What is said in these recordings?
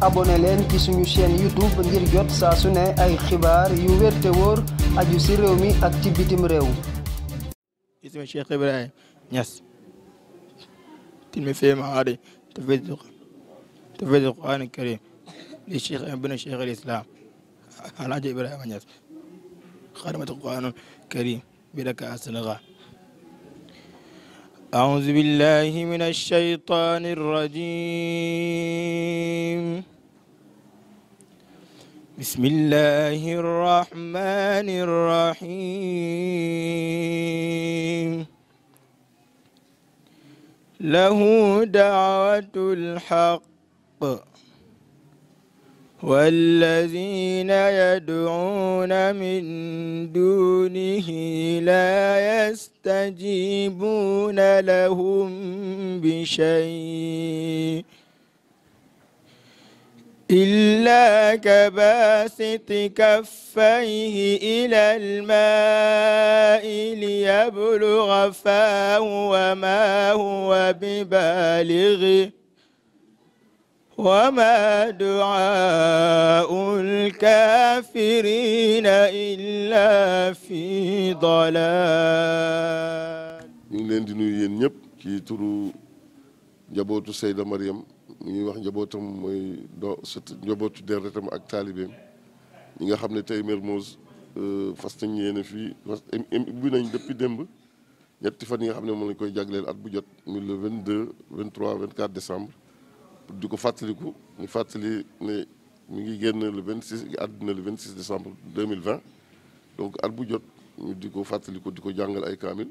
abonné leen ci suñu chaîne YouTube ngir jot saa su ne ay xibaar yu wér aju si réew ak ci bitim réew. ismi Cheikh Ibrahima Niass tilmi fi maadi tafid al-Qur'an al-Karim li Cheikh ibn Cheikh al-Islam Alhaji Ibrahima Niass xadmat al-Qur'an al-Karim bi raka asnaga أعوذ بالله من الشيطان الرجيم بسم الله الرحمن الرحيم له دعوة الحق والذين يدعون من دونه لا يستجيبون لهم بشيء إلا كباسط كفيه إلى الماء ليبلغ فاه وما هو ببالغه waa وما دعاء الكافرين إلا في ضلال ñu ngi leen di nuyu yéen ñëpp ci turu njabootu Seyda Mariam ñu ngi wax njabootam mooy do njabootu deretam ak taalibeem ñi nga xam ne tey Mermoz euh, fas nañ yéene fii ubbi nañ depuis démb ñetti fan yi nga xam ne moom lañ koy jagleel at bu jot muy le vingt 23 24 décembre di ko fàttaliku ñu fàttali ne mu ngi génn le 26 àddina le 26 décembre 2020 donc at bu jot ñu di ko fàttaliku di ko jàngal ay kaamil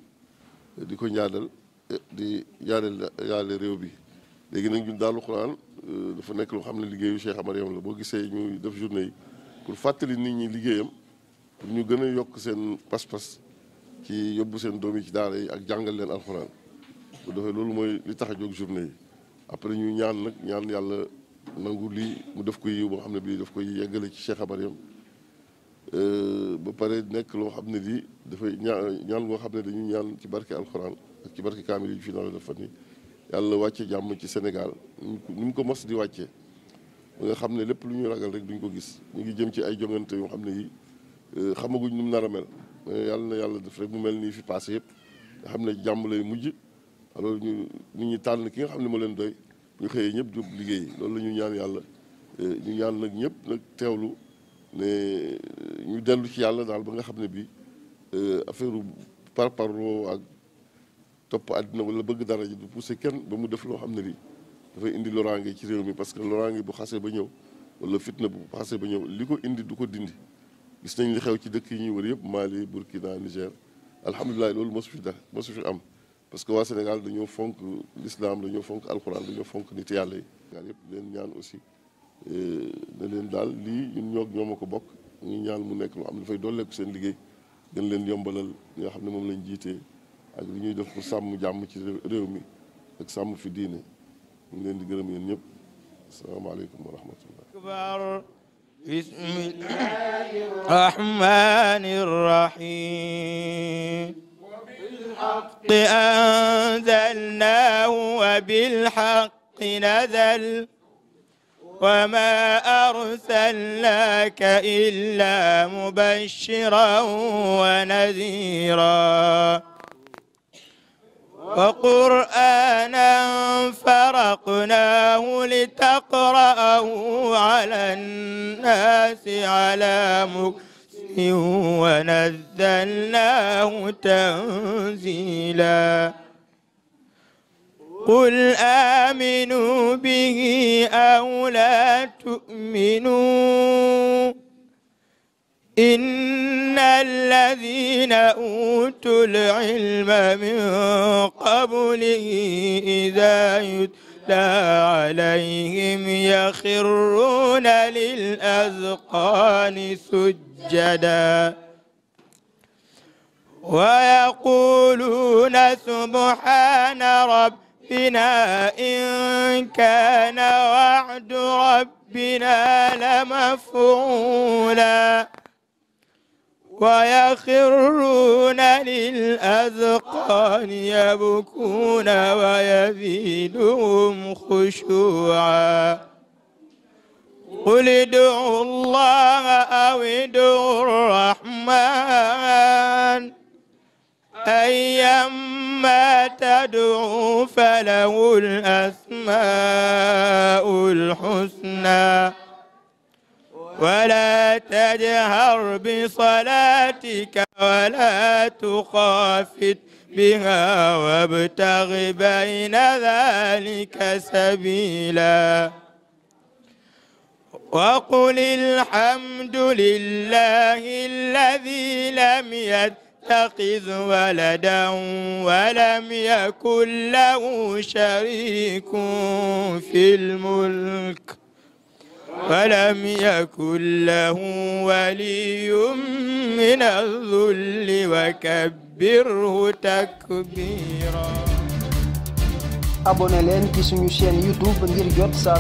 di ko ñaadal di ñaanal yàlla réew bi léegi nag ñun daalu xuraan euh, dafa nekk loo xam ne liggéeyu Cheikh Amar Yam la boo gisee ñu def journée yi pour fàttali nit ñi liggéeyam pour ñu gën a yokk seen pas-pas ci yóbbu seen doom yi ci daara yi ak jàngal leen alxuraan bu defee loolu mooy li tax a jóg journée yi après ñu ñaan nag ñaan yàlla nangu lii mu def ko yiw boo xam ne bii daf koy yeggalee ci Cheikh Habar yam euh, ba pare nekk loo xam ne lii dafay ñaan ñaan boo xam ne dañuy ñaan ci barke alxuraan ak ci barke kaamil yi fi naan def fan yi yàlla wàcce jàmm ci Sénégal ni mu ko mos di wàccee ba nga xam ne lépp lu ñu ragal rek duñ ko gis ñu ngi jëm ci ay jongante yoo xam ne yi euh, xamaguñ nu mu nar a mel yàlla na yàlla def rek mu mel nii fi passé yëpp nga xam ne jàmm mujj. alors ñu nit ñi tànn ki nga xam ne moo leen doy ñu xëyee ñëpp jub liggéey loolu la ñu ñaan yàlla eh, ñu ñaan nag ñëpp nag teewlu ne eh, ñu dellu ci yàlla daal ba nga xam ne bi eh, affaire par parloo ak topp àddina wala bëgg dara ji du poussé kenn ba mu def loo xam ne lii dafa indi loraange ci réew mi parce que loraange bu xasee ba ñëw wala fitna bu xasee ba ñëw li ko indi du ko dindi gis nañ li xew ci dëkk yi ñuy wër yëpp Mali Burkina Niger alhamdulilah loolu mosu fi dara mosu fi am parce que waa Sénégal dañoo fonk l'islam dañoo fonk alxuraan dañoo fonk nit yàlla yi. yëpp leen ñaan aussi da eh, leen daal lii ñun ñoo ñoo ko bokk ñu ñaan mu nekk lu am dafay dolleeku seen liggéey gën leen yombalal li nga xam ne moom lañ jiitee ak li ñuy def pour sàmm jàmm ci réew mi ak sàmm fi diine ñu leen di gërëm yéen ñëpp asalaamaaleykum wa rahmatullah. بالحق أنزلناه وبالحق نزل وما أرسلناك إلا مبشرا ونذيرا وقرآنا فرقناه لتقرأه على الناس على مكث ونزلناه تنزيلا قل آمنوا به أو لا تؤمنوا إن الذين أوتوا العلم من قبله إذا يتلى عليهم يخرون للأذقان سجدا ويقولون سبحان ربنا إن كان وعد ربنا لمفعولا ويخرون للأذقان يبكون ويزيدهم خشوعا قل ادعوا الله أو ادعوا الرحمن أيما تدعوا فله الأسماء الحسنى ولا تجهر بصلاتك ولا تخافت بها وابتغ بين ذلك سبيلا وقل الحمد لله الذي لم يتخذ ولدا ولم يكن له شريك في الملك ولم يكن له ولي من الذل وكبره تكبيرا ci suñu chaîne youtube ngir jot saa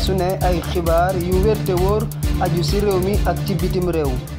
xibaar yu wér te ci bitim réew